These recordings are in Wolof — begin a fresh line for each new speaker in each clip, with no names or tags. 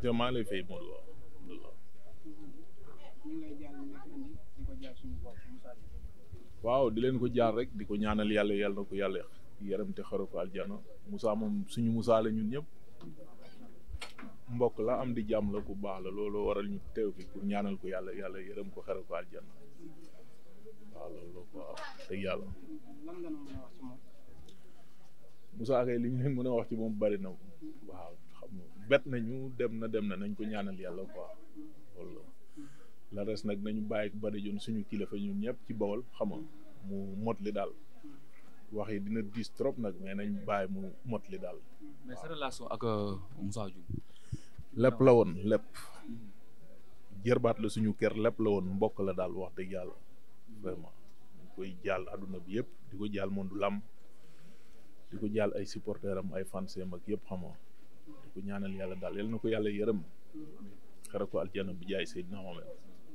aca maa lay fay Modou waaw waaw di leen ko jaar rek di ko ñaanal yàlla yàlla ko yàlla yaram te xaru ko aljana Moussa moom suñu Moussa ñun ñëpp mbokk la am di jàmm la ku baax la loolu waral ñu teew fi pour ñaanal ko yàlla yàlla yaram ko xaru ko aljana waaw loolu waaw dëgg yàlla Moussa Gueye li ñu leen mën a wax ci moom bari na waaw xam nga bet nañu dem na dem na nañ ko ñaanal yàlla quoi loolu la res nag nañu bàyyi bari joon suñu kilifa ñun ñëpp ci bawol xam nga mu mot li daal wax yi dina diis trop nag mais nañ bàyyi mu mot li daal. mais ak euh, Moussa Dioum. lépp la woon lépp. jërbaat la suñu kër lépp la woon mbokk la daal wax dëgg yàlla. vraiment ñu koy jàll àdduna bi yëpp di ko jàll moom du làmm di ko jàll ay supporteurs am ay fanseem ak yëpp xamoo di ko ñaanal yàlla daal yal na ko yàlla yërëm xara ko aljana bi jaay Seydina Mohamed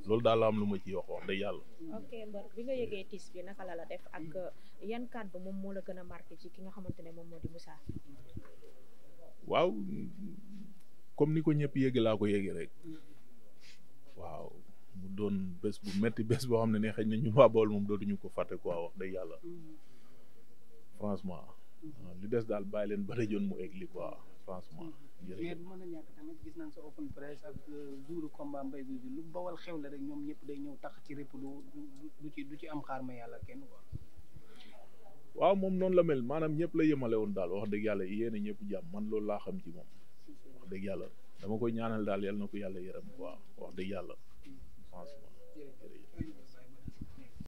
lool daal la am lu ma ci wax wax dëgg yàlla. ok mbër bi nga yëgee tiis bi naka la la def ak uh, yan kàddu moom moo la gën a marqué ci ki nga xamante ne moom moo di Moussa. waaw comme ni ko ñëpp yëgee laa ko yëgee rek waaw mu doon bés bu metti bés boo xam ne ne xëy na ñu waa Bawol moom dootuñu ko fàtte quoi wax dëgg yàlla mm-hmm. franchement. li des daal bàyyi leen ba rajoon mu egli quoi franchement. jërëjëf mais na gis nañ sa open press ak euh, jouru combat lu bawal xew la rek ñoom ñëpp day ñëw tax ci rëpp du du ci du ci am xaar ma yàlla kenn quoi. waaw moom noonu la mel maanaam ñëpp la yemale daal wax dëgg yàlla yéene ñëpp jàmm man loolu laa xam ci moom wax dëgg yàlla dama koy ñaanal daal yal na ko yàlla yërëm waaw wax dëgg yàlla franchement